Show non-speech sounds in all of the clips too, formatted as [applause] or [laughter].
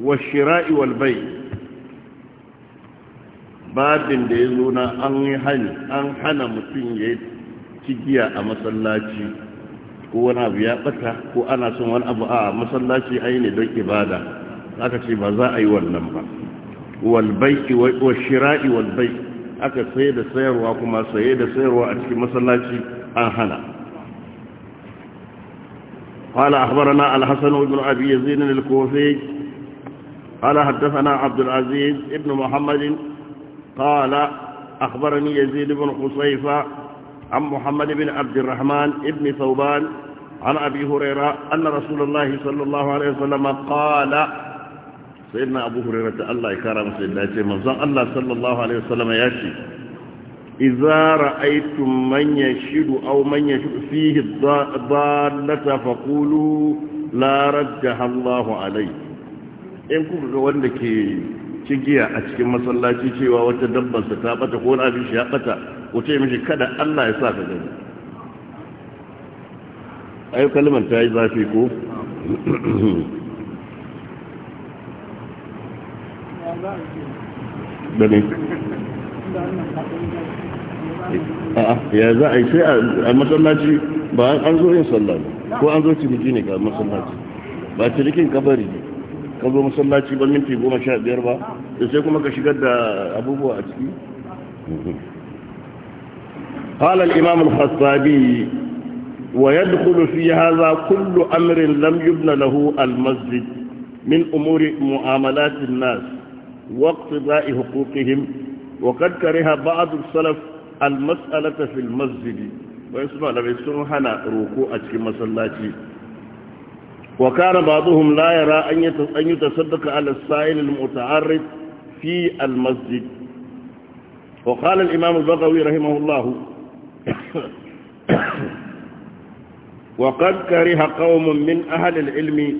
washira'i walbai babin da ya zo na an yi hani an hana mutum ya yi cigiya a masallaci ko wani abu ya ɓata ko ana son wani abu a masallaci ai ne don ibada aka ce ba za a yi wannan ba walbai washira'i walbai aka saye da sayarwa kuma saye da sayarwa a cikin masallaci an hana قال أخبرنا الحسن بن أبي يزين الكوفي قال حدثنا عبد العزيز ابن محمد قال أخبرني يزيد بن خصيفة عن محمد بن عبد الرحمن ابن ثوبان عن أبي هريرة أن رسول الله صلى الله عليه وسلم قال سيدنا أبو هريرة الله يكرم سيدنا جميعا الله صلى الله عليه وسلم ياشي إذا رأيتم من يشد أو من يشد فيه الضالة فقولوا لا رجح الله عليه in kuka ga wanda ke cigiya a cikin masallaci cewa wata dabbansa ta bata ko na abin shi ya bata ko ce mishi kada Allah ya sa ka gani ayo kalmar ta yi zafi ko da ne ya za a yi sai a masallaci ba an zo yin sallah ko an zo ciniki ne ga masallaci ba cinikin kabari ne ka zo masallaci ba minti goma sha biyar ba da sai kuma ka shigar da abubuwa a ciki قال الإمام الخطابي ويدخل في هذا كل أمر لم يبن له المسجد من أمور معاملات الناس واقتضاء حقوقهم وقد كره بعض السلف المسألة في المسجد ويسمع لما يسمعنا ركوع في مسلاتي وكان بعضهم لا يرى أن يتصدق على السائل المتعرض في المسجد وقال الإمام البغوي رحمه الله وقد كره قوم من أهل العلم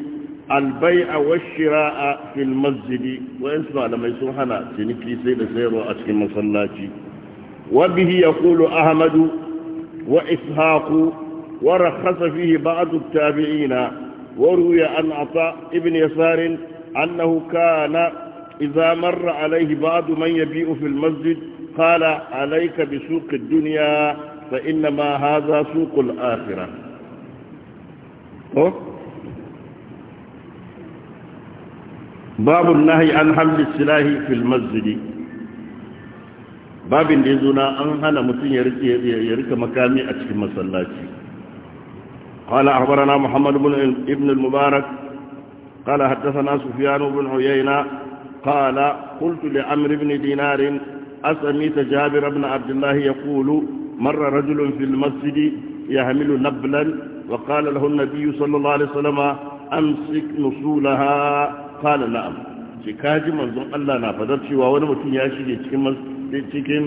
البيع والشراء في المسجد وإنسوا لما يسوحنا سنكي سيد سير وأسكي مصلاتي وبه يقول أحمد وإسحاق ورخص فيه بعض التابعين وروي عن عطاء ابن يسار أنه كان إذا مر عليه بعض من يبيع في المسجد قال عليك بسوق الدنيا فإنما هذا سوق الآخرة باب النهي عن حمل السلاح في المسجد babin da ya zo na an hana mutum ya rika makami a cikin masallaci قال أخبرنا محمد بن ابن المبارك قال حدثنا سفيان بن عيينة قال قلت لعمرو بن دينار أسميت جابر بن عبد الله يقول مر رجل في المسجد يحمل نبلا وقال له النبي صلى الله عليه وسلم أمسك نصولها قال نعم shi kaji الله نافذت شواء fadar ياشي جيتك mutum cikin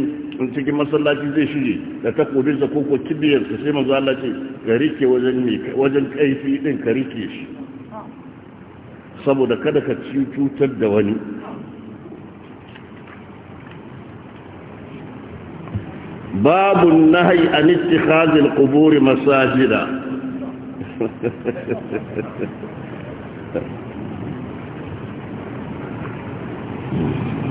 cikin masallaci zai shige da takobin sa koko kibiyar sa sai manzo Allah ce ka rike wajen kaifi din ka rike shi saboda kada ka ci cutar da wani Babu nahi a اتخاذ القبور masajida. [laughs]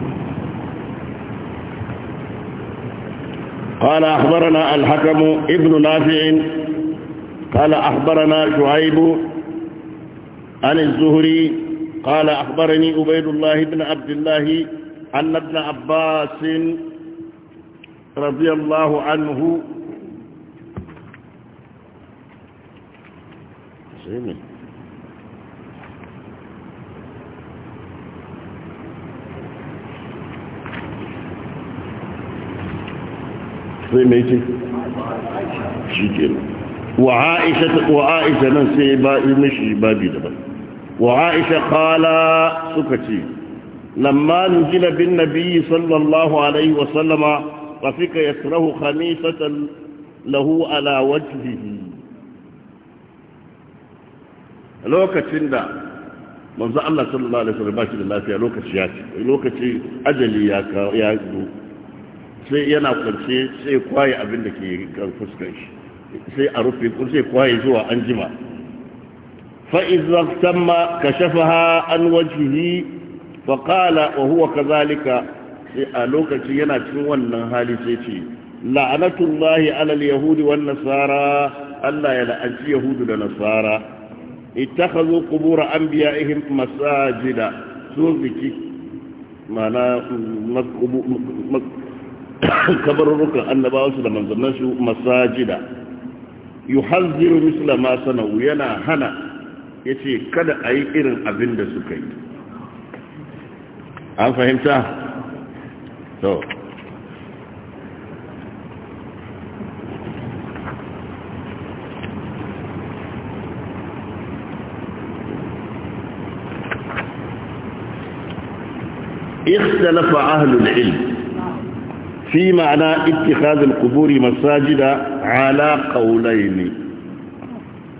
قال أخبرنا الحكم ابن نافع قال أخبرنا شعيب عن الزهري قال أخبرني عبيد الله بن عبد الله أن ابن عباس رضي الله عنه Amen. sai mai ce shi ke wa aisha nan sai ba mishi babi daban wa aisha kala suka ce lamma gina bin nabi sallallahu alaihi wasallama rafika yasrahu khamisatan lahu ala wajhihi lokacin da manzo Allah sallallahu alaihi wasallam ba shi da lafiya lokaci ya ce lokaci ajali ya ya sai yana kwance kwaye abin da ke fuskar shi sai a rufe ko kwaye zuwa anjima. jima fa’iz zan samma ka shafa an wajihi fa kala wa huwa ka sai a lokacin yana cin wannan hali sai ce la’anatun lahi alal yahudi nasara allah ya la’anci yahudu da nasara ita ka zo kubura an biya irin mas'aji da so ziki mana kabarurrukan annabawansu da manzannansu masajida yuhazziru misla ma sanau yana hana ya ce kada a yi irin abin da suka yi an fahimta? so اختلف أهل العلم في معنى اتخاذ القبور مساجد على قولين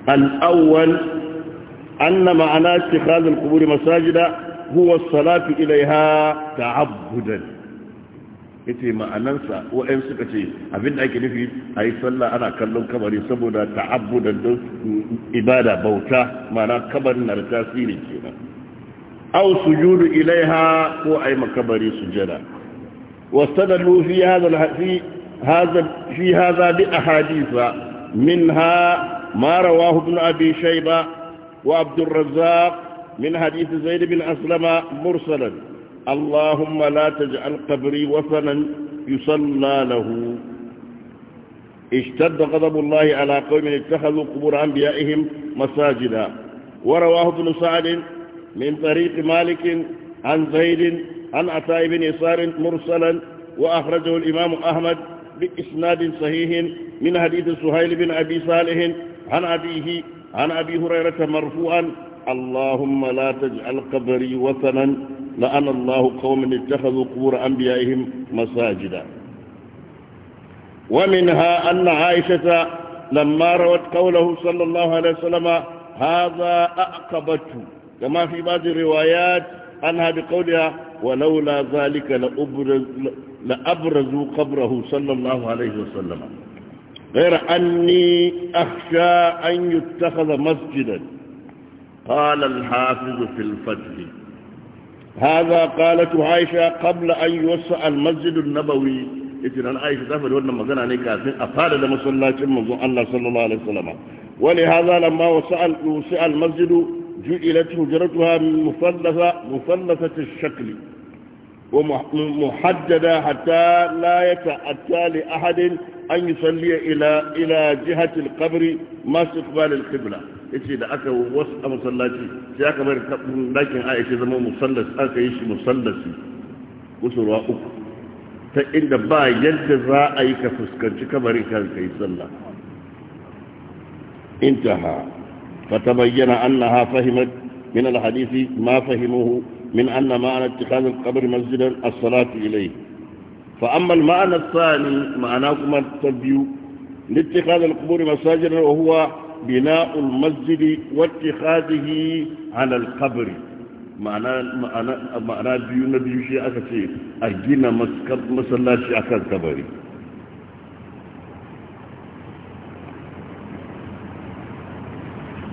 الأول أن معنى اتخاذ القبور مساجد هو الصلاة إليها تعبدا yace ma'anansa wa'in suka ce abin da ake nufi a yi sallah ana kallon kabari saboda ta'abbudan don ibada bauta mana kabarin na da tasiri kenan au sujudu ilaiha ko a yi makabari sujada واستدلوا في هذا في هذا في هذا بأحاديث منها ما رواه ابن أبي شيبة وعبد الرزاق من حديث زيد بن أسلم مرسلا اللهم لا تجعل قبري وثنا يصلى له اشتد غضب الله على قوم اتخذوا قبور أنبيائهم مساجدا ورواه ابن سعد من طريق مالك عن زيد عن عطاء بن يسار مرسلا وأخرجه الإمام أحمد بإسناد صحيح من حديث سهيل بن أبي صالح عن أبيه عن أبي هريرة مرفوعا اللهم لا تجعل قبري وثنا لأن الله قوم اتخذوا قبور أنبيائهم مساجدا ومنها أن عائشة لما روت قوله صلى الله عليه وسلم هذا أعقبته كما في بعض الروايات عنها بقولها ولولا ذلك لأبرزوا قبره صلى الله عليه وسلم غير أني أخشى أن يتخذ مسجدا قال الحافظ في الفتح هذا قالت عائشة قبل أن يوسع المسجد النبوي إذن عائشة تفعل وانا مغانا عليك أفاد لما صلى الله عليه وسلم ولهذا لما وسع المسجد جعلت حجرتها مثلثة مثلثة الشكل ومحددة حتى لا يتأتى لأحد أن يصلي إلى إلى جهة القبر ما استقبال القبلة yace da aka wasu masallaci sai aka bar dakin Aisha zama musallas aka yi shi musallasi kusurwa uku ta inda ba yadda za a yi ka fuskanci kabarin kai sallah فتبين أنها فهمت من الحديث ما فهموه من أن معنى اتخاذ القبر مسجدا الصلاة إليه فأما المعنى الثاني معناكما التبيو لاتخاذ القبور مساجدا وهو بناء المسجد واتخاذه على القبر معنى معنى معنى بيو نبيو شيء أكثر أجينا مسكب مسلاشي أكثر كبري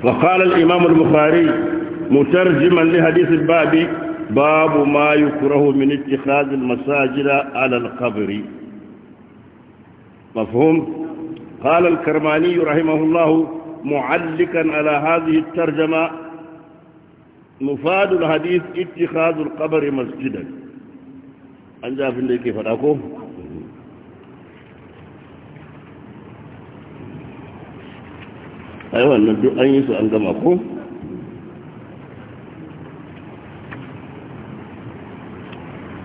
وقال الإمام البخاري مترجما لحديث الباب باب ما يكره من اتخاذ المساجد على القبر مفهوم قال الكرماني رحمه الله معلقا على هذه الترجمة مفاد الحديث اتخاذ القبر مسجدا أنجا في الليكي فراكم ai wannan duk an yi su an gama ko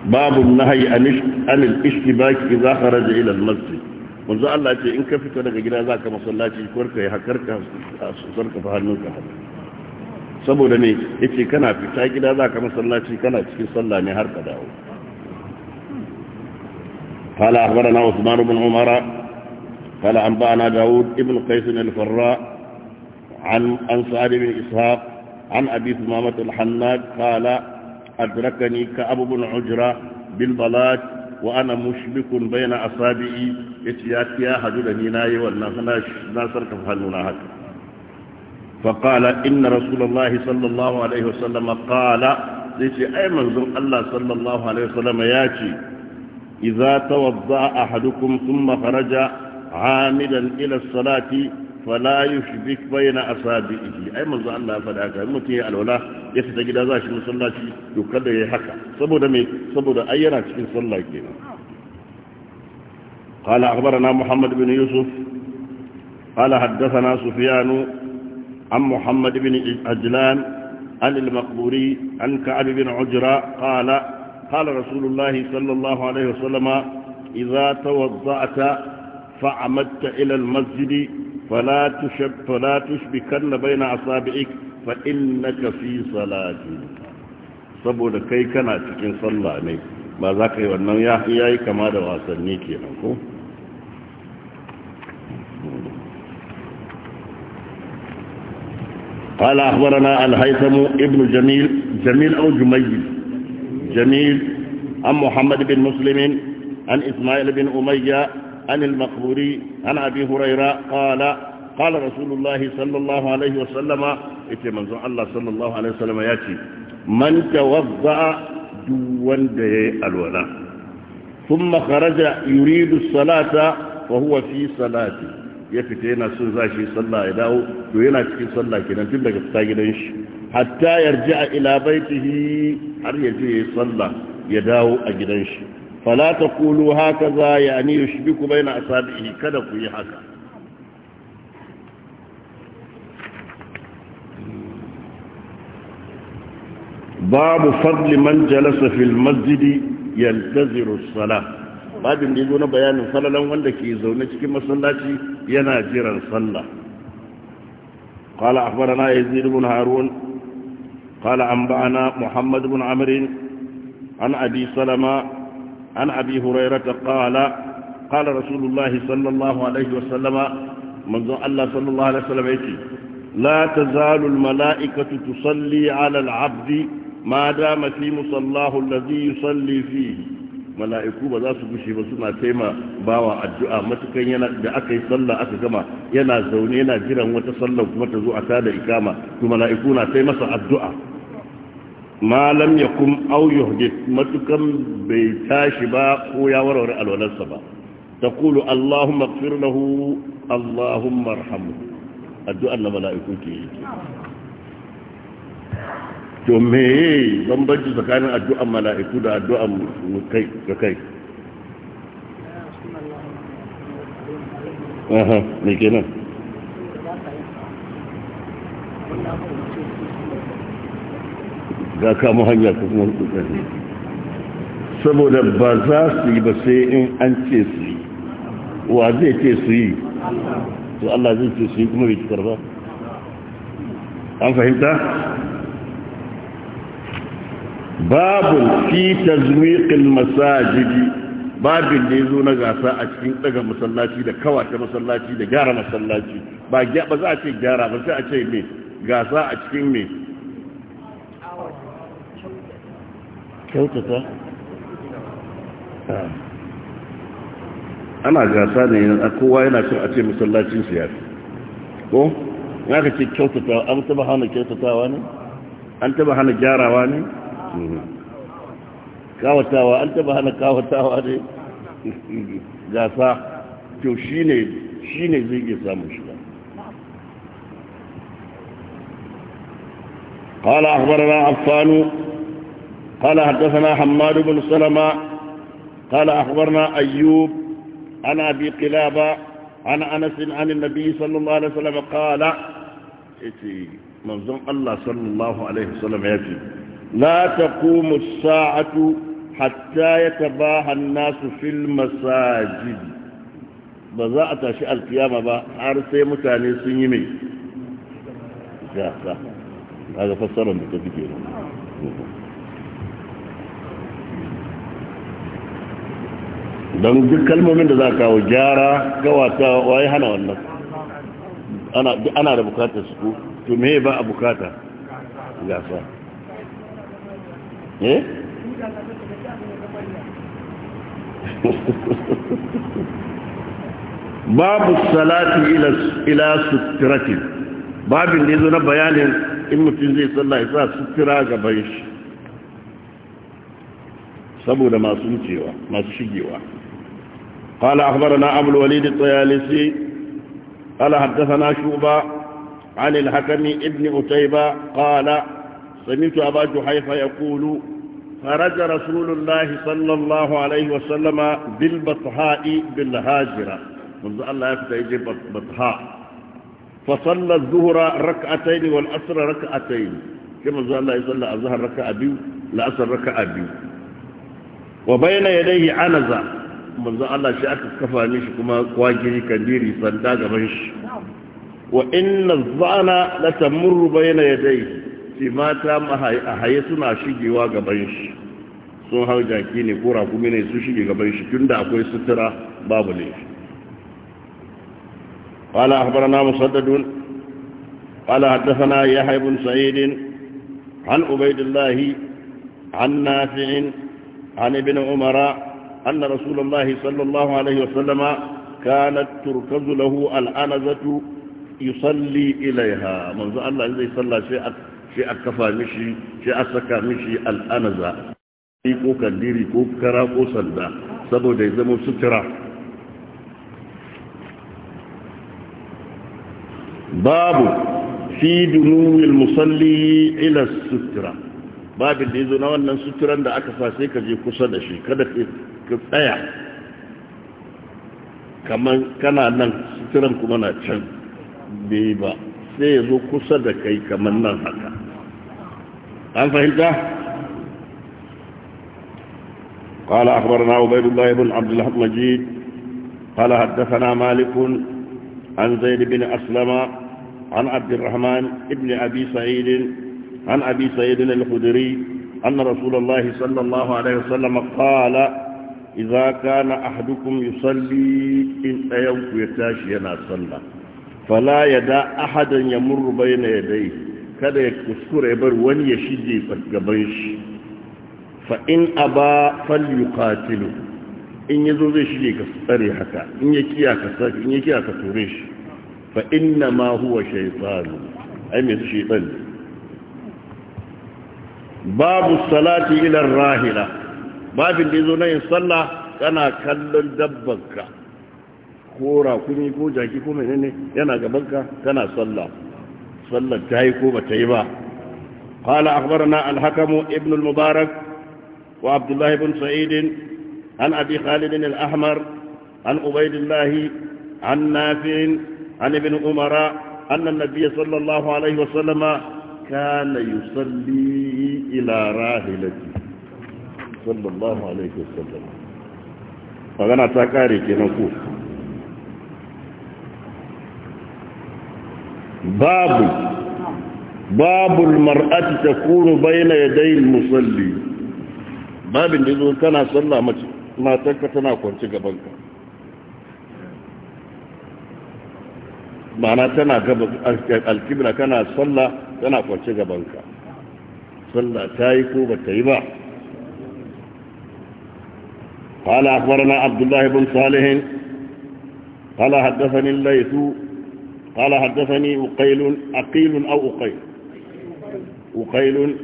babu nahayi anil ishtibaki idza kharaja ila al-masjid manzo Allah ce in ka fito daga gida zaka masallaci ko ka yi hakar ka sosar ka fa hannunka saboda ne yace kana fita gida zaka masallaci kana cikin sallah ne har ka dawo قال أخبرنا عثمان بن عمر قال أنبأنا داود ابن قيس الفراء عن أنصار بن إسحاق عن أبي ثمامة الحناد قال أدركني كأب بن عجرة بالبلاد وأنا مشبك بين أصابعي يتيات يا حجلني ناي والنفناش ناصر كفهلنا هكا فقال إن رسول الله صلى الله عليه وسلم قال ليش أي منظر الله صلى الله عليه وسلم ياتي إذا توضأ أحدكم ثم خرج عامدا إلى الصلاة فلا يشبك بين أصابعه أي من ظن الله فلا أكا المتيه الولا يستجي لذاش من صلى الله يقدر يحكى صبودا مي صبودا أينا تشكين صلى الله عليه قال أخبرنا محمد بن يوسف قال حدثنا سفيان عن محمد بن أجلان عن المقبوري عن كعب بن عجرة قال قال رسول الله صلى الله عليه وسلم إذا توضأت فعمدت إلى المسجد فلا تشب فلا تشبكن بين اصابعك فانك في صلاه saboda kai kana cikin sallah ne ba za ka yi wannan ya yi kama da wasanni kenan ko قال أخبرنا الهيثم ابن جميل جميل أو جميل جميل عن محمد بن مسلم عن إسماعيل بن أمية عن المقبوري عن أبي هريرة قال قال رسول الله صلى الله عليه وسلم إتي منزوع الله صلى الله عليه وسلم ياتي من توضأ دون دي الولاء ثم خرج يريد الصلاة وهو في صلاته يفتينا سنزاشي صلى إلاه وينا تكين صلى كنا تبقى تتاقلنش حتى يرجع إلى بيته هل يجي صلى يداو أجلنش fala taqulu hakaza yani yushbiku baina asabihi kada ku yi haka babu fadli man jalasa fil masjidi yaltaziru as-salah babin da na bayanin falalan wanda ke zaune cikin masallaci yana jiran sallah قال أخبرنا يزيد بن هارون قال أنبأنا محمد بن عمرو عن أبي سلمة عن أبي هريرة قال قال رسول الله صلى الله عليه وسلم منذ الله صلى الله عليه وسلم يتي لا تزال الملائكة تصلي على العبد ما دام في مصلاه الذي يصلي فيه mala'iku ba za su gushe ba suna taima bawa addu'a matukan yana da aka yi sallah aka gama yana zaune yana jiran wata sallah kuma ta zo a tada ikama to mala'iku na taimasa addu'a malam ya kum auyuh da matukan bai tashi ba ko ya warware alwalarsa ba ta kulu allahumma ƙfir lahu allahumma rahamu addu'ar na mala'iku ke yi to me bambanci tsakanin addu'ar mala'iku da addu'ar kai ga kai aha mai kenan ga kama hanya ta kuma hudu ƙarfi saboda ba za su yi ba sai in an ce su yi wa zai ce su yi to Allah zai ce su yi kuma bai cikar ba an fahimta babun fi tazwiqil masajidi babin da ya zo na gasa a cikin daga masallaci da kawata masallaci da gyara masallaci ba za a ce gyara ba sai a ce mai gasa a cikin mai. kyautata ah. ana gasa ne a kowa yana cin a ce masallacin fi ko ya ka ce kyautata an taba hana kyautatawa ne an taba hana gyarawa ne mhm. kawatawa an taba hana kawatawa ne [laughs] gasa to shi ne zai iya samun shi قال أخبرنا عفان قال حدثنا حماد بن سلمة قال أخبرنا أيوب عن أبي قلابة عن أنس عن النبي صلى الله عليه وسلم قال منظوم الله صلى الله عليه وسلم يأتي لا تقوم الساعة حتى يتباهى الناس في المساجد بزاء تشاء القيامة بحارسي متاني سنيمي هذا فسر بتفكير don duk kalmomin da za kawo gyara gawata waye hana wannan ana da bukatar su ku, to me ba a bukata gasa eh [laughs] babu salati ila sutirati babin da yazo na bayanin in mutum zai sallah ya sa sutura gaban shi saboda masu wucewa masu shigewa قال أخبرنا أبو الوليد الطيالسي قال حدثنا شوبة عن الحكم ابن أتيبة قال سمعت أبا جحيفة يقول خرج رسول الله صلى الله عليه وسلم بالبطحاء بالهاجرة منذ الله يفتح بطحاء فصلى الظهر ركعتين والأسر ركعتين كما زال الله يصلى الظهر ركعة بيو الأسر ركعة بيو وبين يديه عنزة manzon Allah shi aka kafa mishi kuma kwagiri kandiri sanda gaban shi wa inna zana la tamurru bayna yadayhi fi mata a haye suna shigewa gaban shi sun hau jaki ne ko rakumi ne su shige gaban shi tunda akwai sutura babu ne wala أخبرنا musaddadun wala حدثنا يحيى بن سعيد an عبيد an عن an ibn umara أن رسول الله صلى الله عليه وسلم كانت تركز له الأنزة يصلي إليها منذ الله إذا يصلى شيء شيء أكفى مشي شيء أسكى مشي الأنزة ko kandiri ko kara ko sanda saboda ya zama sutura babu fi dunuwil musalli ila sutura babin da ya zo na wannan suturan da aka sa sai ka je kusa da shi kada ka tsaya kamar kana nan suturan kuma na can bai ba sai ya zo kusa da kai kamar nan haka an fahimta قال أخبرنا عبيد الله بن عبد الله المجيد قال حدثنا مالك عن زيد بن أسلم عن عبد الرحمن ابن أبي سعيد عن أبي سيد الخدري أن رسول الله صلى الله عليه وسلم قال إذا كان أحدكم يصلي إن أيوك يتاشي ya صلى فلا يدع أحدا يمر بين يديه kada ya kuskure bar wani ya shige gaban shi fa in aba fal yuqatilu in yazo zai shige ka tsare haka in ya kiya ka saki in ya kiya ka tore shi fa inna ma huwa shaytan ai me shi ne babu salati ilar rahila babin da ya na yin sallah kana kallon dabbanka ko rakuni ko jaki ko menene yana gabanka kana sallah sallah ta yi ko ba ta yi ba kala akbarna alhakamu ibn al-mubarak wa abdullahi ibn sa'idin an abi khalidin al an Ubaidulahi, an nafi'in an ibn umara an annabiy sallallahu kana yusalli ila rahilati sallallahu alaihi wasallam magana ta kare kenan ku babu babul mar'ati takunu bayna yaday musalli babin da zo kana sallah mace matarka tana kwance gaban ka ma'ana tana gaba alkibla kana sallah tana kwanci gabanka sallah ta yi ko ba ta yi ba قال أخبرنا عبد الله بن صالح قال حدثني الليث قال حدثني أقيل أقيل أو أقيل أقيل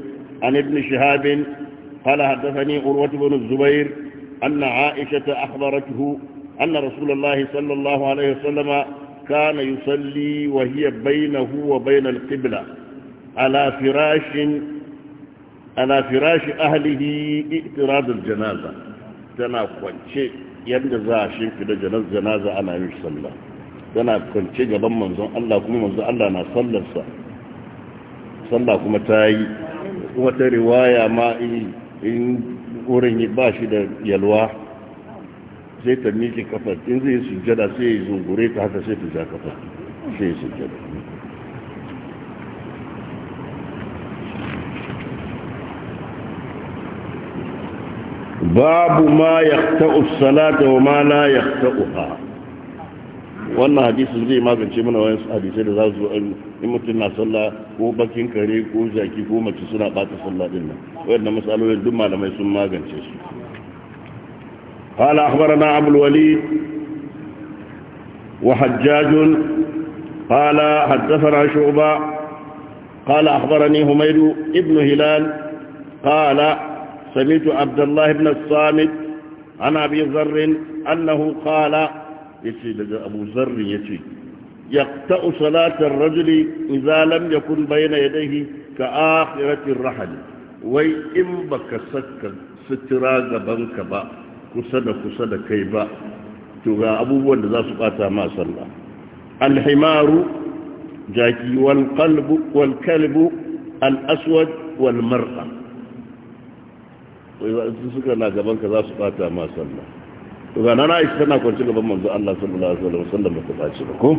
عن ابن شهاب قال حدثني عروة بن الزبير أن عائشة أخبرته أن رسول الله صلى الله عليه وسلم كان يصلي وهي بينه وبين القبلة على فراش على فراش أهله اعتراض الجنازة تنا كونشي يندزا شنفد جنازة جنازة أنا يمش صلى تنا كونشي جبن منزون الله كم منزون الله أنا صلى صلى كم تاي wata riwaya ma in wurin ba shi da yalwa sai ta miƙe kafa in zai sujjada sai ya zungure ta haka sai ta ja kafa sai ya sujjada babu ma yaqta'u as-salata wa ma la yaqta'uha wannan hadisi zai magance mana wayan hadisai da za su in mutum na sallah ko bakin kare ko zaki ko mace suna bata sallah din nan wayannan masalolin duk malamai sun magance su قال أخبرنا أبو الوليد وحجاج قال حدثنا شعبة قال أخبرني هميد ابن هلال قال سمعت عبد الله بن الصامت عن أبي ذر أنه قال يتي أبو ذر يتي يقطع صلاة الرجل إذا لم يكن بين يديه كآخرة الرحل وي إن بك سك سترا غبنك با كسد كسد كيبا تغا أبو ذا سقاطا ما صلى الحمار جاكي والقلب والكلب الأسود والمرأة suka na gaban ka za su bata ma sallah to ga nana aisha tana kwance gaban manzo Allah sallallahu alaihi wasallam sallan bata bace ba ko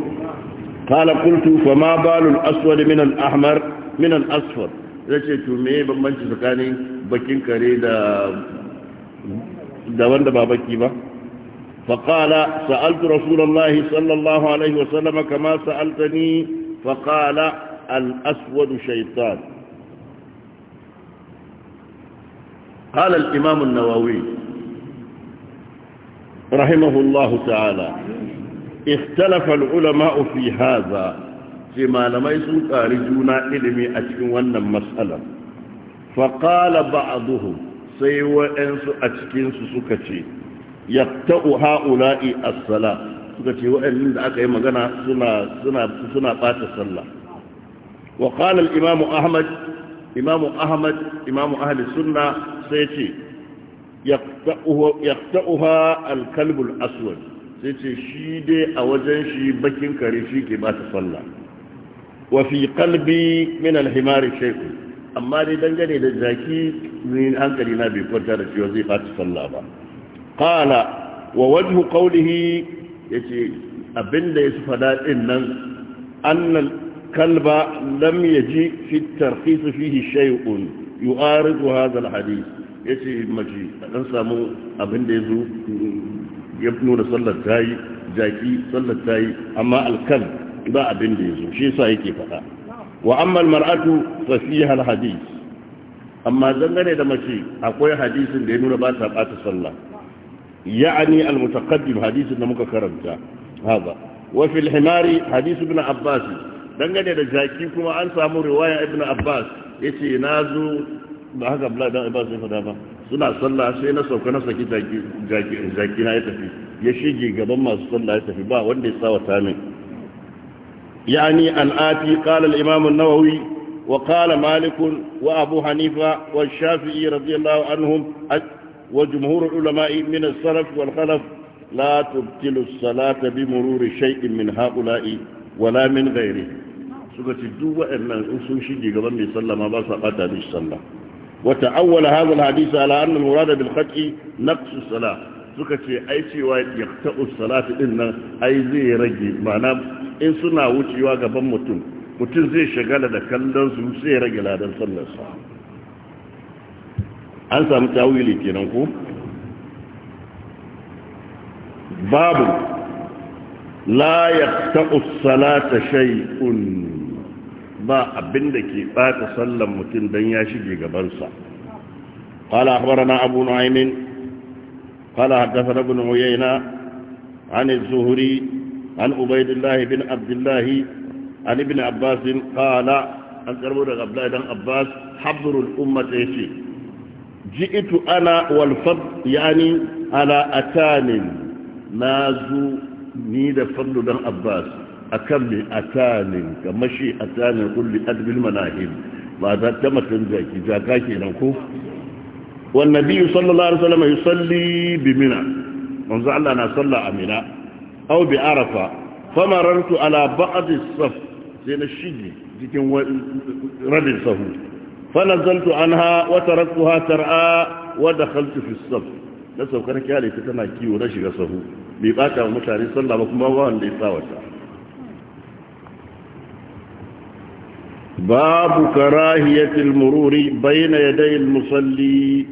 qala qultu fa ma balul aswad min al ahmar min al asfar yace to me bambanci tsakanin bakin kare da da wanda ba baki ba فقال سألت رسول الله صلى الله عليه وسلم كما سألتني فقال الأسود شيطان قال الإمام النووي رحمه الله تعالى اختلف العلماء في هذا فيما لم يسن قارجون علمي أتكن ون مسألة فقال بعضهم سيوى أنس أتكن سسكتي يقتأ هؤلاء الصلاة سكتي وأن أكي مغنى سنة, سنة, سنة بات الصلاة وقال الإمام أحمد imamu ahmad imamu ahli sunna sai ce yaqta'uha al-kalb al-aswad sai ce shi dai a wajen shi bakin kare shi ke ba ta sallah wa fi qalbi min al-himar shay'un amma dai dangane da zaki ni hankali na bai kwanta da cewa zai fata sallah ba qala wa wajhu qawlihi yace abinda yasu fada din nan annal Kalba الكلب لم يجي في الترخيص فيه شيء يعارض هذا الحديث yace mace a dan samu abin da ya zo ya nuna sallar tayi jaki sallar tayi amma alkal ba abin da ya zo shi yasa yake faɗa wa amma almar'atu fa fiha alhadith amma dangane da mace akwai hadisin da ya nuna ba ta bata sallah ya'ani almutaqaddim hadisin da muka karanta haba wa fi alhimari hadith ibn abbas dangane da jaki kuma an samu riwaya ibn abbas ya ce na zo ba haka abdullahi dan abbas ya fada ba suna sallah sai na sauka na saki jaki na ya tafi ya shige gaban masu sallah ya tafi ba wanda ya sawa tamin yani an ati qala al-imam an-nawawi wa qala malik wa abu hanifa wa shafi'i radiyallahu anhum wa jumhur ulama'i min as-salaf wal khalaf la tubtilu as-salata bi mururi shay'in min ha'ula'i wala min ghairihi suka ce duk waɗannan in sun shige gaban mai sallama ba su bata mishi sallah wata awwala hadha hadisa ala anna almurada bil qat'i naqsu salah suka ce ai cewa yaqta'u salati din nan ai zai rage ma'ana in suna wucewa gaban mutum mutum zai shagala da kallon su sai rage ladan sallar sa an samu tawili kenan ko babu la yaqta'u salata shay'un ba abin da ke ɓata sallan mutum don ya shige gabansa قال أخبرنا أبو نعيم قال حدثنا ابن عيينة عن الزهري عن عبيد الله بن عبد الله عن ابن عباس قال an karbo Abdullahi dan Abbas habrul umma ta yace Ji'itu ana wal fad yani ala atanin nazu ni da fadlu dan Abbas akan mai atanin kamar shi atanin kulli adbil manahim ba za ta mutum jaki jaka nan ko wannan biyu sallallahu alaihi wasallam yusalli bi mina manzo Allah na salla a mina aw bi arafa famarartu ala ba'd as-saf sai na shige cikin rabin sahu fanazaltu anha wa taraktuha tar'a wa dakhaltu fi as-saf na saukar kyale ta tana kiwo na shiga sahu bai bata mutane sallah ba kuma ba wanda ya sa wata باب كراهية المرور بين يدي المصلي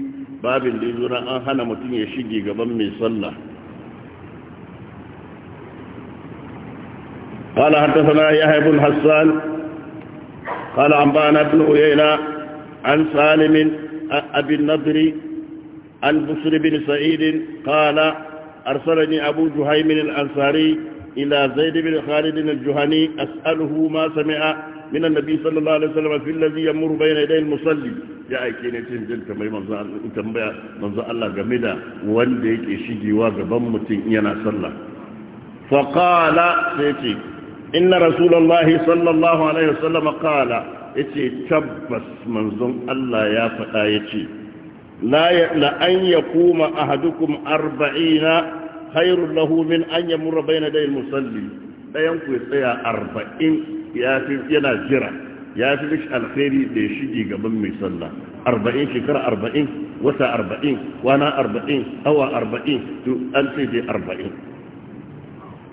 باب اللي زنا أهنا متين يشجي قبل من صلى قال حدثنا يحيى بن حسان قال أنبانا بن عيينة عن سالم أبي النضر عن بصر بن سعيد قال أرسلني أبو جهيم الأنصاري إلى زيد بن خالد الجهني أسأله ما سمع من النبي صلى الله عليه وسلم في الذي يمر بين يدي المصلي يا ايكي ne cin jin tambayi manzo Allah game da wanda yake shigewa gaban mutum yana sallah fa qala sayti inna rasulullahi sallallahu alaihi wasallam qala yace tabbas manzon Allah ya faɗa yace la la an yakuma ahadukum arba'ina khairul lahu min musalli ɗayan ku tsaya arba'in ya fi yana jira ya fi mishi alkhairi da ya shige gaban mai sallah arba'in shekara arba'in wata arba'in kwana arba'in awa arba'in to an ce dai arba'in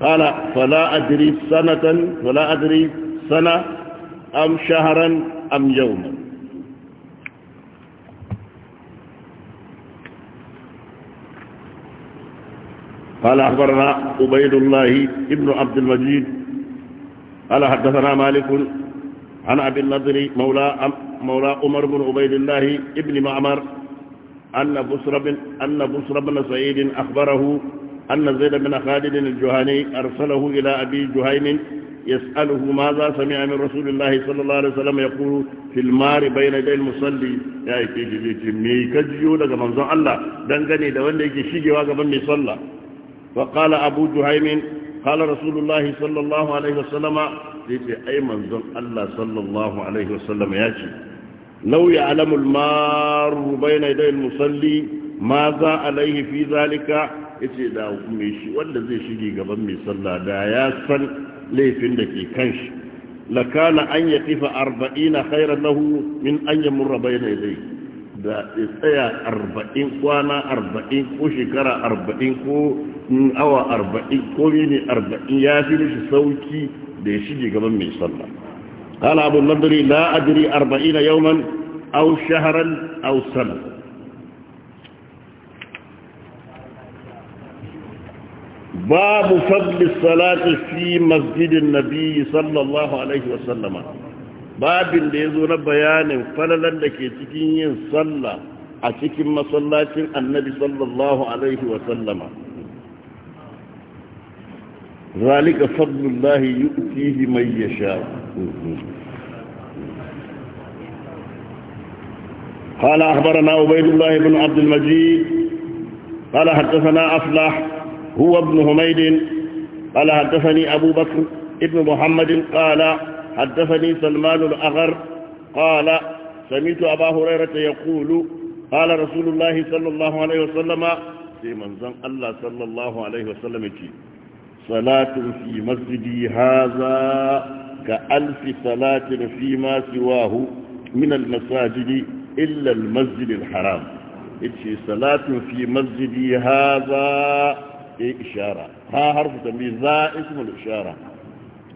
قال فلا أدري سنة ولا أدري سنة أم قال أخبرنا عبيد الله ابن عبد المجيد قال حدثنا مالك عن أبي النضر مولى مولى عمر بن عبيد الله ابن معمر أن بسر بن أن بسر بن سعيد أخبره أن زيد بن خالد الجهني أرسله إلى أبي جهيم يسأله ماذا سمع من رسول الله صلى الله عليه وسلم يقول في المار بين يدي المصلي يا كيجي مي كجيو daga manzon Allah dangane da wanda yake shigewa gaban mai sallah وقال أبو جهيم قال رسول الله صلى الله عليه وسلم ليتي أي منظر الله صلى الله عليه وسلم ياتي لو يعلم المار بين يدي المصلي ماذا عليه في ذلك yace da mai shi wanda zai shige gaban mai sallah da ya san laifin da ke kan shi lakana an yaqifa 40 nahu, lahu min an yamurra da tsaya arba'in kwana arba'in ko shekara arba'in ko mm, awa arba'in ko ne arba'in ya fi mishi sauki da ya shige gaban mai sallah kala abu nadiri la adiri arba'in a yawman au shaharan au sana babu fadli salati fi masjidin nabi sallallahu alaihi wasallama babin da ya zo na bayanin falalar da ke cikin yin sallah a cikin masallacin annabi sallallahu alaihi wasallama zalika fadlullahi yu'tihi man yasha قال أخبرنا عبيد الله بن عبد المجيد قال حدثنا أفلح هو ابن حميد قال حدثني أبو بكر ابن محمد قال حدثني سلمان الأغر قال سمعت أبا هريرة يقول قال رسول الله صلى الله عليه وسلم في منزل الله صلى الله عليه وسلم صلاة في مسجدي هذا كألف صلاة فيما سواه من المساجد إلا المسجد الحرام إتشي صلاة في مسجدي هذا إشارة ها حرف تنبيه ذا اسم الإشارة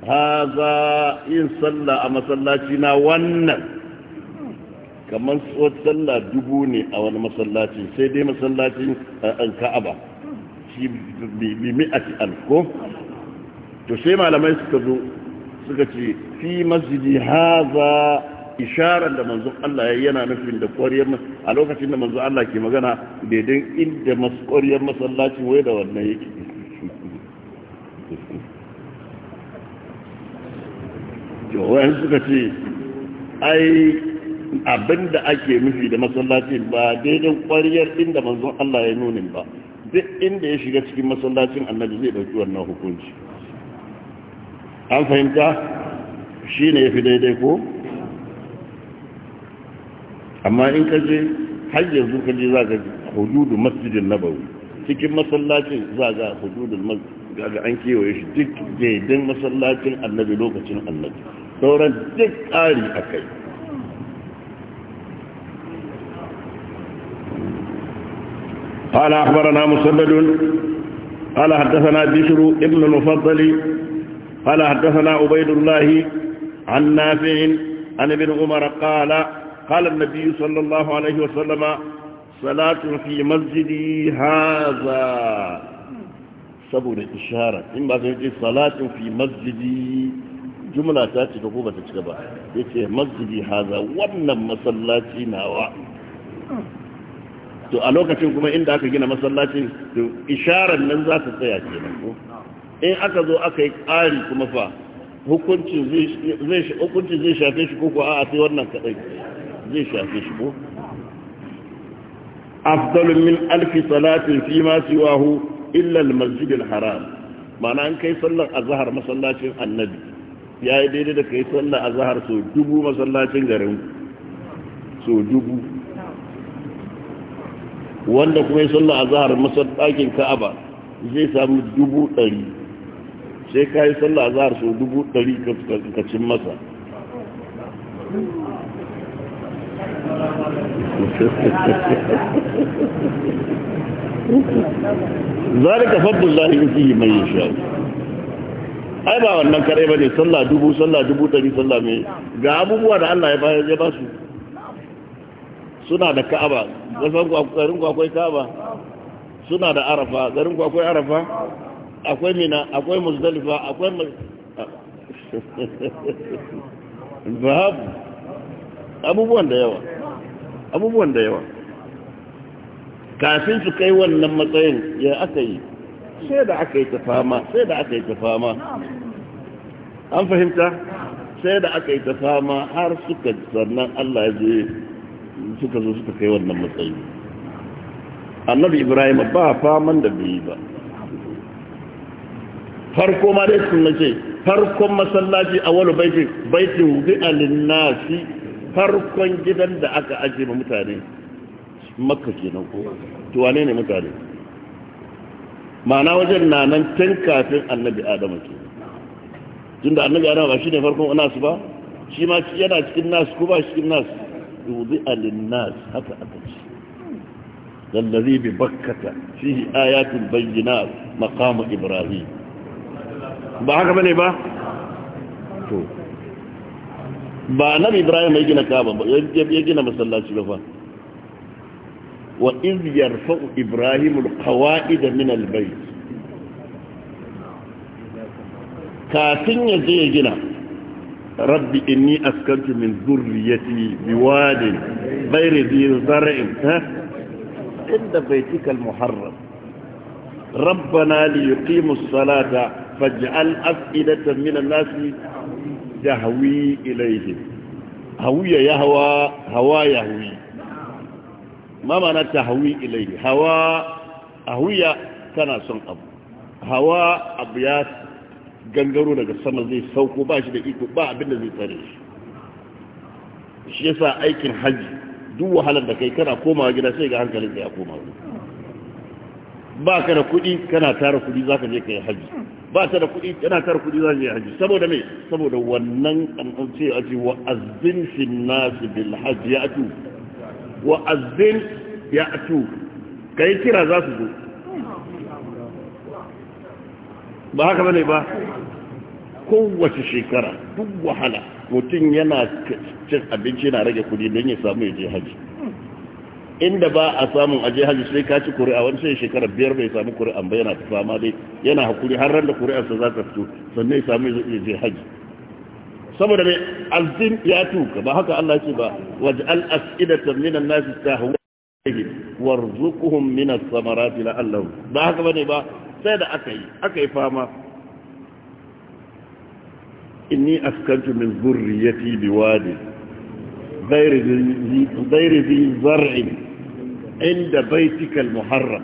haza yin sallah a masallaci na wannan kamar sallah dubu ne a wani masallaci sai dai masallacin an eh, ka'aba shi bi mi'ati alko to sai malamai suka zo suka ce fi masjidi haza isharar da manzon Allah ya yana nufin da kwariyar a lokacin da manzon Allah ke magana daidai inda kwariyar masallaci wai da wannan yake yawon suka ce ai abinda ake nufi da masallacin ba daidai kwariyar inda manzon Allah ya nunin ba duk inda ya shiga cikin masallacin annabi zai dauki wannan hukunci an fahimta shi ne ya fi daidai ko amma in ka je har yanzu ka je za ga hududu masjidin nabawi cikin masallacin za ga hududun masjidin ga an kewaye shi duk daidai masallacin annabi lokacin annabi sauran duk ƙari a قال أخبرنا مسدد قال حدثنا بشر ابن المفضل قال حدثنا عبيد الله عن نافع عن ابن عمر قال قال النبي صلى الله عليه وسلم صلاة في مسجدي هذا saboda ishara in ba صلاة في salatin jumla ta cika ko bata cika ba yace masjidi haza wannan masallaci nawa to a lokacin kuma inda aka gina masallacin to isharar nan za ta tsaya kenan ko in aka zo aka yi ƙari kuma fa hukuncin zai shafe shi ko a'a sai wannan kaɗai zai shafe shi ko afdalun min alfi salatin fi ma siwahu illa al-masjid al-haram ma'ana an kai sallar azhar masallacin annabi ya yi daidai da ka yi sallah a zahar so dubu masallacin garin so dubu wanda kuma yi sallah a zahar masallacin ka'aba zai samu dubu ɗari sai ka yi sallah a zahar so dubu ɗari ka cin masa ذلك فضل الله يؤتيه من يشاء ai ba wannan kare ba ne sallah dubu sallah dubu tari sallah mai ga abubuwa da Allah ya bayar ba su suna da ka'aba garin ku akwai ka'aba suna da arafa garin ku akwai arafa akwai mina akwai muzdalifa akwai zahab [laughs] abubuwan da yawa abubuwan da yawa kafin su kai wannan matsayin ya aka yi sai da aka yi ta fama sai da aka yi ta fama an fahimta sai da aka yi ta fama har suka sannan Allah ya je suka zo suka kai wannan matsayi annabi ibrahim ba faman da bai ba farko ma dai sun nace farkon masallaci a wani baitin baitin bi'alin alinnasi farkon gidan da aka ajiye mutane makka kenan ko to wane ne mutane ma'ana wajen na nan tun kafin annabi adamu ke tunda annabi adamu ba shi ne farkon nasu ba shi ma yana cikin nasu ko ba shi cikin nasu yuzi alin nasu haka aka ce lallazi bi bakkata fihi ayatul bayyana maqamu ibrahim ba haka bane ba to ba annabi ibrahim ya gina kaba ya gina masallaci ba fa وإذ يرفع إبراهيم القواعد من البيت كافن يزيجنا ربي إني أسكنت من ذريتي بواد غير ذي زرع عند بيتك المحرم ربنا ليقيموا الصلاة فاجعل أفئدة من الناس تهوي إليهم هوية هوي يهوى هوى يهوي ma mana ta hawi ilaihi hawa ahuya tana son abu hawa abu ya gangaro daga sama zai sauko ba shi da iko ba abinda zai tsare shi shi yasa aikin hajji duk wahalar da kai kana komawa gida sai ga hankalin da ya koma wani ba ka da kuɗi kana tara kuɗi za ka je ka yi hajji ba ta da kuɗi kana tara kuɗi za ka je hajji saboda me saboda wannan an ce a ce wa azzin sinna nasi bil hajji ya wa azzin ya atu kai kira za su zo ba haka bane ba kowace shekara duk wahala mutum yana cin abinci na rage kudi don ya samu ya je haji inda ba a samun aje haji sai ka ci kuri'a wancan shekarar biyar bai samu kuri'a ba yana ta fama dai yana hakuri har ran da kuri'arsa za ta fito sannan ya samu ya je haji saboda mai alzim ya tuka ba haka Allah ce ba waj'al as'idatan minan nasi tahwa ilayhim warzuqhum min ath-thamarati la'allahum ba haka bane ba sai da aka yi aka yi fama inni askantu min zurriyati biwadi غير ذي زرع عند بيتك المحرم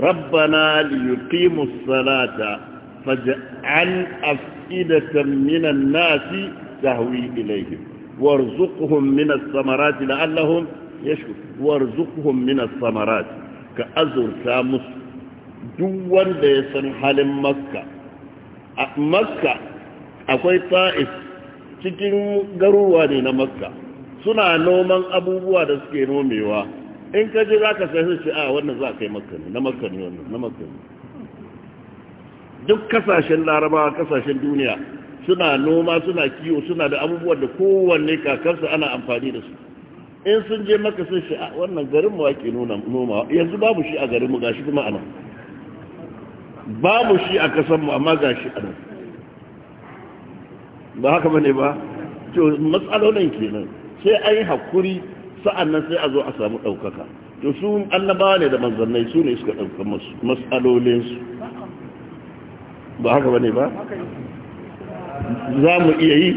ربنا ليقيموا الصلاه فاجعل أفئدة من الناس تهوي إليهم وارزقهم من الثمرات لعلهم يشكر وارزقهم من الثمرات كأزر كامس دوان ليسن حال مكة مكة أكوي طائف cikin garuruwa ne na makka suna noman abubuwa da suke nomewa in ka ji za ka sai su ce a wannan za ka yi makka ne na makka ne wannan na makka ne duk kasashen larabawa kasashen duniya suna noma suna kiwo suna da abubuwan da kowanne kakarsa ana amfani da su in sun je maka sun shi a wannan garin mu ake noma yanzu babu shi a garin mu gashi kuma anan babu shi a kasan mu amma gashi anan ba haka bane ba to matsalolin kenan sai an yi hakuri sa'annan sai a zo a samu ɗaukaka to su annabawa ne da manzannai su ne suka ɗauka matsalolinsu ba haka bane ba za mu iya yi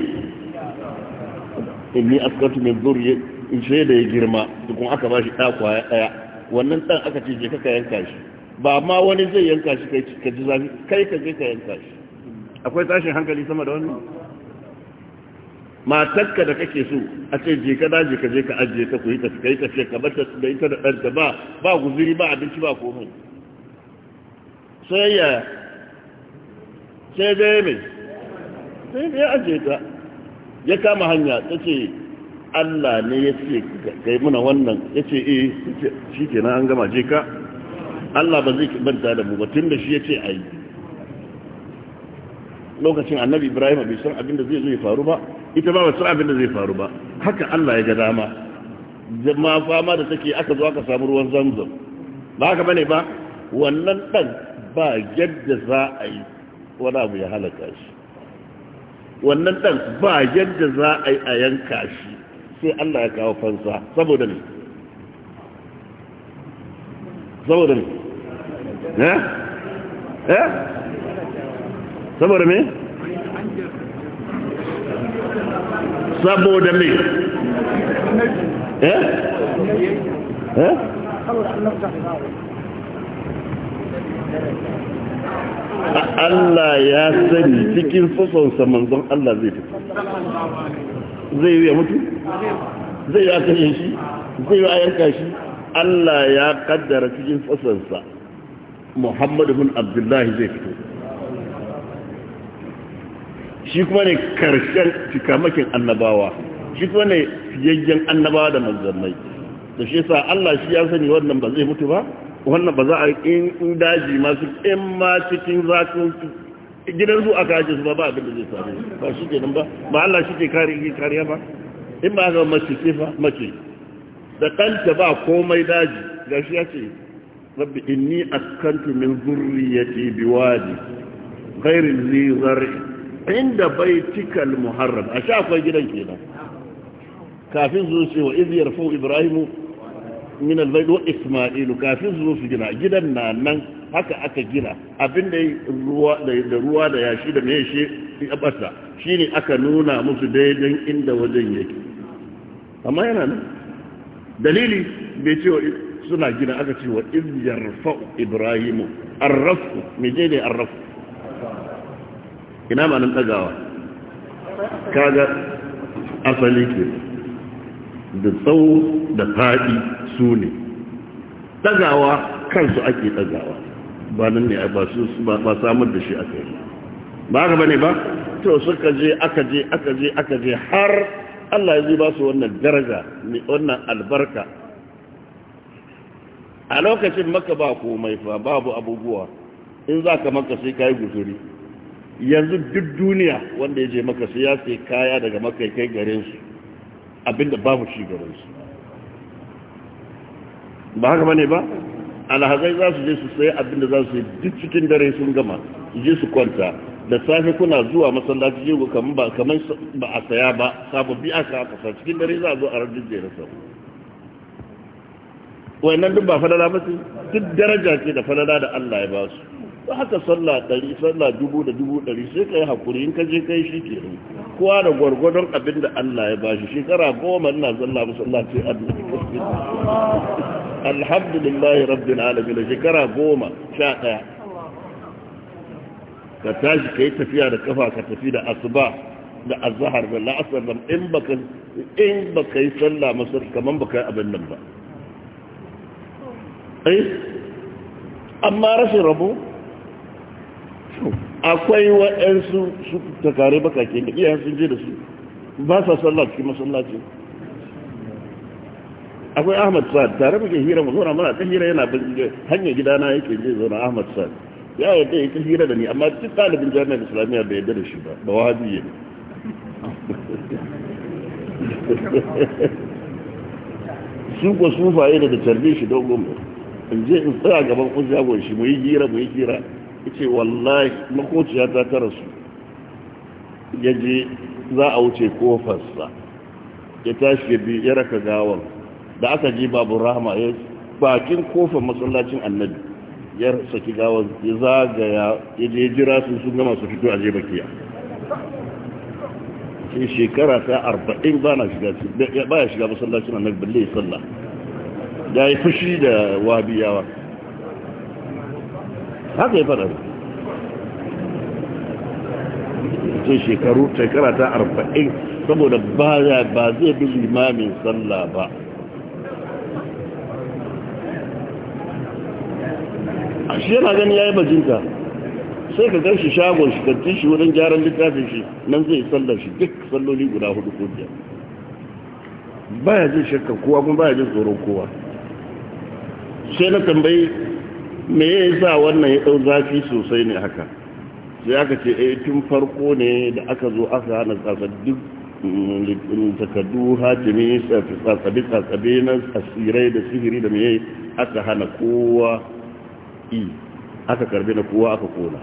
inni askatu min zurri in shaida ya girma dukun aka ba shi ɗa ya ɗaya wannan ɗan aka ce je kaka yanka shi ba ma wani zai yanka shi kai ka ji zafi kai ka je ka yanka shi akwai tashin hankali sama da wannan matakka da kake so a ce je ka daji ka je ka ajiye ta kuyi ta kai ka ce ka bata da ita da ɗanta ba ba guzuri ba abinci ba komai sai ya sai dai mai sai dai aje ta ya kama hanya ta ce Allah ne ya ce kai muna wannan ya ce eh shi ke an gama je ka Allah ba zai banta da mu batun da shi ya ce ayi lokacin annabi ibrahim bai san abin da zai zai faru ba ita ba wasu abin da zai faru ba haka Allah ya ga dama ma fama da take aka zo aka samu ruwan zamzam ba haka bane ba wannan dan ba yadda za a yi wani abu ya halaka shi wannan dan ba yadda za a yi a yanka shi sai Allah ya kawo fansa saboda ne saboda ne eh eh saboda ne? saboda me eh, eh? ne? Allah ya sani cikin fasonsa manzon Allah zai fito zai yi ya mutu zai yi a kashe shi zai yi a yanka shi Allah ya kaddara cikin fasonsa Muhammadu bin Abdullahi zai fito shi kuma ne karshen cikamakin annabawa shi kuma ne fiyayyen annabawa da manzannai da shi sa Allah shi ya sani wannan ba zai mutu ba wannan ba za a in daji masu in ma cikin zafin gidan zuwa aka ajiye su ba ba abin da zai faru ba shi ke nan ba ba Allah shi ke kariya ba in ba ga mace ce ba mace da kanta ba komai daji ga shi ya ce rabbi inni askantu min zurriyati biwadi ghairi zi zar'i inda baitikal muharram a sha akwai gidan kenan kafin zuwa cewa iz yarfu ibrahimu min wa isma'il kafin su su gina gidan na nan haka aka gina abin da ruwa da ruwa da yashi da me shi ya bata shine aka nuna musu daidan inda wajen yake amma yana nan dalili bai ce suna gina aka ce wa iz yarfa ibrahim je ne arrafu ina ma nan tagawa kaga asali ke da tsawo da faɗi su ne ɗagawa kansu ake ɗagawa ba nan ne ba su ba samar da shi aka yi ba ba bane ba to suka je aka je aka je aka je har Allah ya ba su wannan daraja ne wannan albarka a lokacin maka ba komai fa babu abubuwa in za ka maka sai ka yi guzuri yanzu duk duniya wanda ya je maka sai ya sai kaya daga maka kai garensu abinda babu shi ba haka bane ba alhazai za su je su sayi abin da za su yi duk cikin dare sun gama su je su kwanta da safe kuna zuwa masallaci je ku kamar ba kamar ba a saya ba sababbi aka aka sa cikin dare za a zo a rajin jere sa wannan duk ba falala ba ce duk daraja ce da falala da Allah ya ba su ba haka sallah ɗari sallah dubu da dubu ɗari sai ka yi haƙuri in ka je kai shi ke kowa da gwargwadon abin da Allah ya ba shi shekara goma ina zalla musallaci Allah alhamdulillahi rabbin alamin shekara goma sha ɗaya ka tashi ka yi tafiya da kafa ka tafi da asuba da azahar da la'asar da in baka in baka yi sallah masar kaman baka yi abin nan ba ai eh? amma rashin rabu. akwai waɗansu su takare baka ke da iya sun je da su ba sa sallah cikin masallaci akwai ahmad sa tare muke hira mu zauna mana ta hira yana hanyar gidana yake je zauna ahmad sa ya yadda ya ta hira da ni amma duk talibin jami'ar islamiyya bai yadda da shi ba ba wahabi ne [laughs] su ko sufaye da da tarbe shi dogon mu in je in tsaya gaban kun shagon shi mu yi hira mu yi hira yace wallahi makociya ta tara su yaje za a wuce kofarsa ya tashi ya bi ya raka gawan da aka je babu rahama ya bakin kofar masallacin annabi ya saki gawar ya zagaya ya je jira sun sun gama su fito a je bakiya shi shekara ta arba'in ba na shiga ba ya shiga masallacin annabi balle ya sallah ya yi fushi da wahabiyawa haka ya faɗa ce shekaru shekara ta arba'in saboda ba zai bi limamin sallah ba a shi yana gani ya yi bajinta sai ka gan shi shagon shi ka shi wurin gyaran littafin shi nan zai sallar shi duk salloli guda hudu ko biyar baya jin shakka kowa kuma baya jin tsoron kowa sai na tambayi me ya sa wannan ya ɗau zafi sosai ne haka sai aka ce eh tun farko ne da aka zo aka hana tsasa duk takardu hatimi tsatsabe-tsatsabe na asirai da sihiri da meye aka hana kowa i aka karbi na kowa aka kona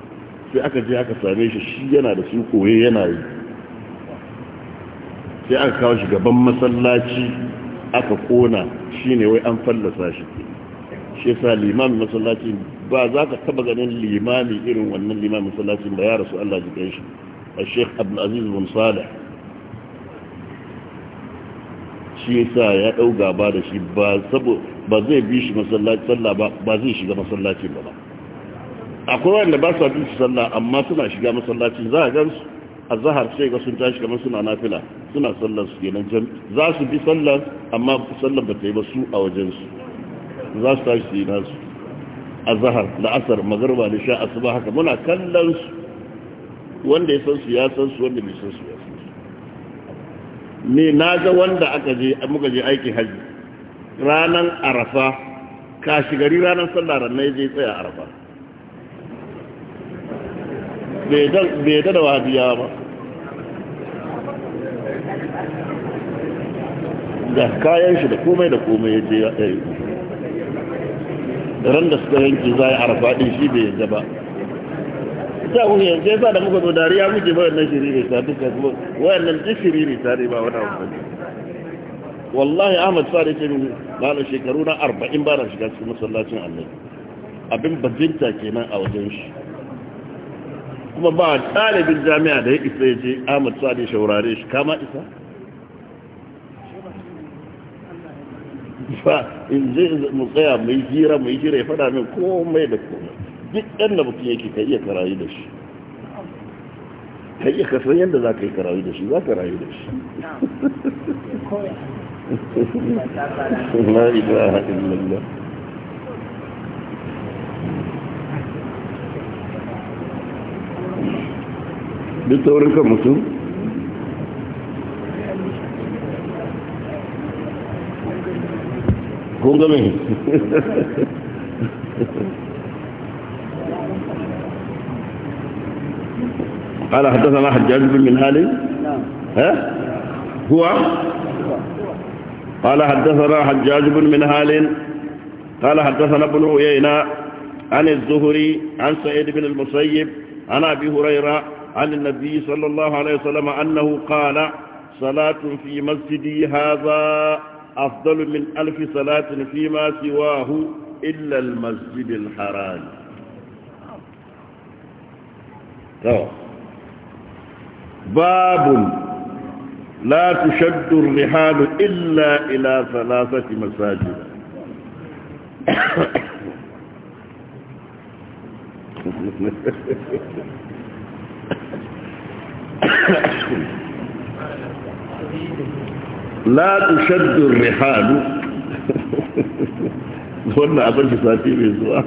sai aka je aka same shi shi yana da su koye yana yi sai aka kawo shi gaban masallaci aka kona shine wai an fallasa shi shi sa limamin masallacin ba za ka taba ganin limami irin wannan limamin masallacin ba ya rasu Allah ji gaishe a sheikh aziz bin salih shi yasa ya dau gaba da shi ba saboda ba zai bi shi masallaci sallah ba ba zai shiga masallaci ba ba akwai wanda ba su bin sallah amma suna shiga masallaci za a gansu a zahar sai ga sun tashi kamar suna nafila suna sallar su kenan jami za su bi sallar amma sallar ba ta yi ba su a wajen su za su tashi su yi nasu a zahar la'asar magarba da sha asuba haka muna kallon su wanda ya san su ya san su wanda bai san su ne na ga wanda aka je muka je aikin hajji ranan arafa kashi gari ranan sallah ranar je tsaya arafa bai da da wahabiya ba da kayan shi da komai da komai ya je ya ɗaya ran da suka yanki za a yi arafa ɗin shi bai yanzu ba sa muke yanzu yasa da muka zo dariya muke ba wannan shiriri ta duka kuma wannan duk shiriri ta ne ba wani abu ne wallahi Ahmad Sare ce min malam shekaru na 40 ba na shiga cikin masallacin Annabi abin bajinta kenan a wajen shi kuma ba ɗalibin jami'a da ya isa ya je Ahmad Sare shaurare shi kama isa Ba in je mu tsaya mu yi hira mu yi hira ya fada min komai da komai duk ɗan da mutum yake ka iya karayi da shi ka iya kasan yadda za ka yi karayi [laughs] قال حدثنا حجاج بن منهالي ها هو قال حدثنا حجاج بن منهال قال حدثنا ابن عيينة عن الزهري عن سعيد بن المسيب عن أبي هريرة عن النبي صلى الله عليه وسلم أنه قال صلاة في مسجدي هذا أفضل من ألف صلاة فيما سواه إلا المسجد الحرام طيب. باب لا تشد الرحال إلا إلى ثلاثة مساجد لا تشد الرحال wannan abin da sati mai zuwa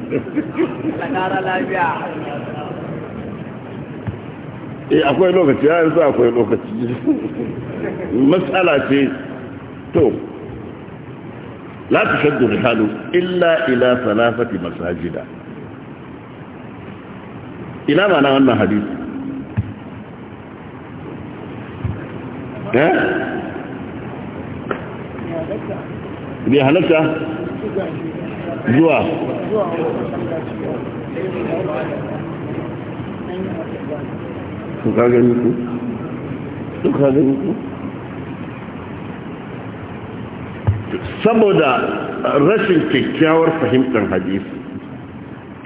eh akwai lokaci ya yanzu akwai lokaci matsala ce to la shaddu rihalu illa ila salafati masajida ina mana wannan hadisi eh bai halatta zuwa zuwa saboda rashin kyakkyawar fahimtar hadisi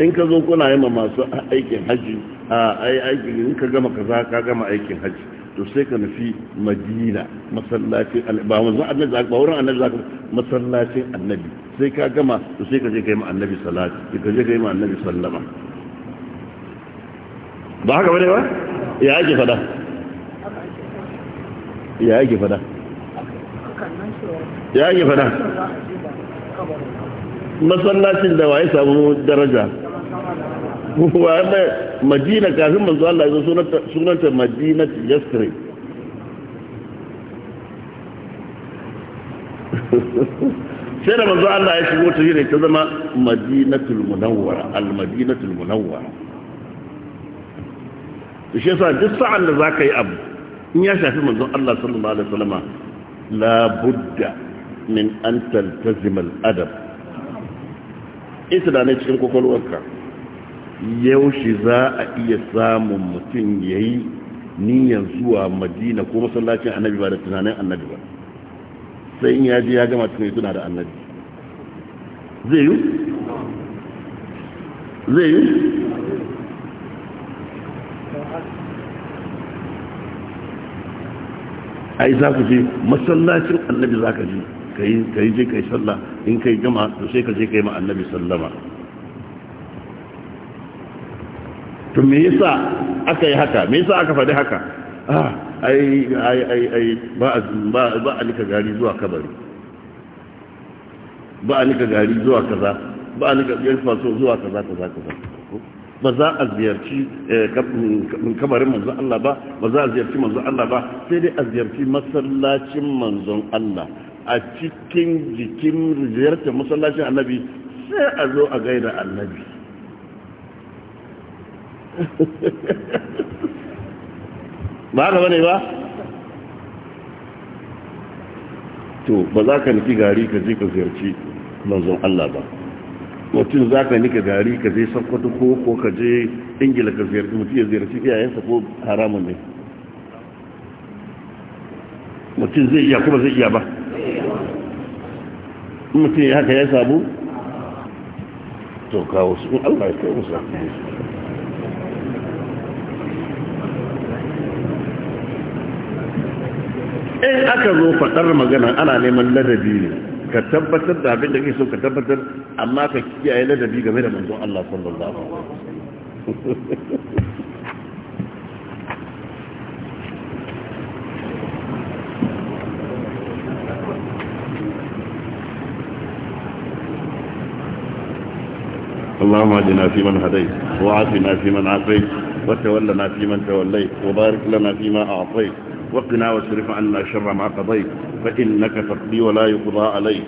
in ka zo kuna yi ma masu aikin haji a ai aikin in ka gama za ka gama aikin haji to sai ka nufi madina masallacin ba wanzu annabi za ba wurin annabi zaka masallacin annabi sai ka gama to sai ka je ka yi ma annabi salati ka je ka yi ma annabi sallama ba haka bane ba ya ake fada ya ake fada ya ake fada masallacin da waye samu daraja madina kafin manzo Allah ya sunanta madina yasrib [laughs] sai da manzo Allah ya shigo ta ne ta zama madinatul munawwara al madinatul munawwara to shi yasa duk sa'an da zaka yi abu in ya shafi manzon Allah sallallahu alaihi wasallam la budda min an taltazim al adab ita ne cikin kokolwarka yaushe za a iya samun mutum yayi niyyar zuwa Madina ko masallacin Annabi ba da tunanin Annabi ba sai in yaji ya gama tunai tuna da Annabi zai yi zai yi ai za ku je masallacin annabi za ka je ka yi je ka yi sallah in ka yi gama to sai ka je ka yi ma annabi sallama to me yasa aka yi haka me yasa aka faɗi haka ah, ai ai ai ai ba a ba gari zuwa kabari ba a alika gari zuwa kaza ba alika yan faso zuwa kaza kaza kaza ba za a ziyarci eh, kabarin manzon Allah ba ba za a ziyarci manzon Allah ba sai dai a ziyarci masallacin manzon Allah a cikin jikin ziyartar masallacin annabi sai a zo a gaida annabi [laughs] ba haka bane ba to ba za ka nufi gari ka je ka ziyarci manzon Allah ba mutum za ka nika gari ka je sakkwato ko ko ka je ingila ka ziyarci mutum ya ziyarci iyayensa ko haramun ne mutum zai iya kuma zai iya ba mutum ya haka ya sabu to kawo su in allah ya kai musu in aka zo faɗar magana ana neman ladabi ne ka tabbatar da abin da ke so ka tabbatar amma ka kiyaye ladabi game da manzon Allah sallallahu اللهم اهدنا فيمن هديت وعافنا فيمن عافيت وتولنا فيمن توليت وبارك لنا فيما أعطيت وقنا واشرف عنا شر ما قضيت فإنك تقضي ولا يقضى عليك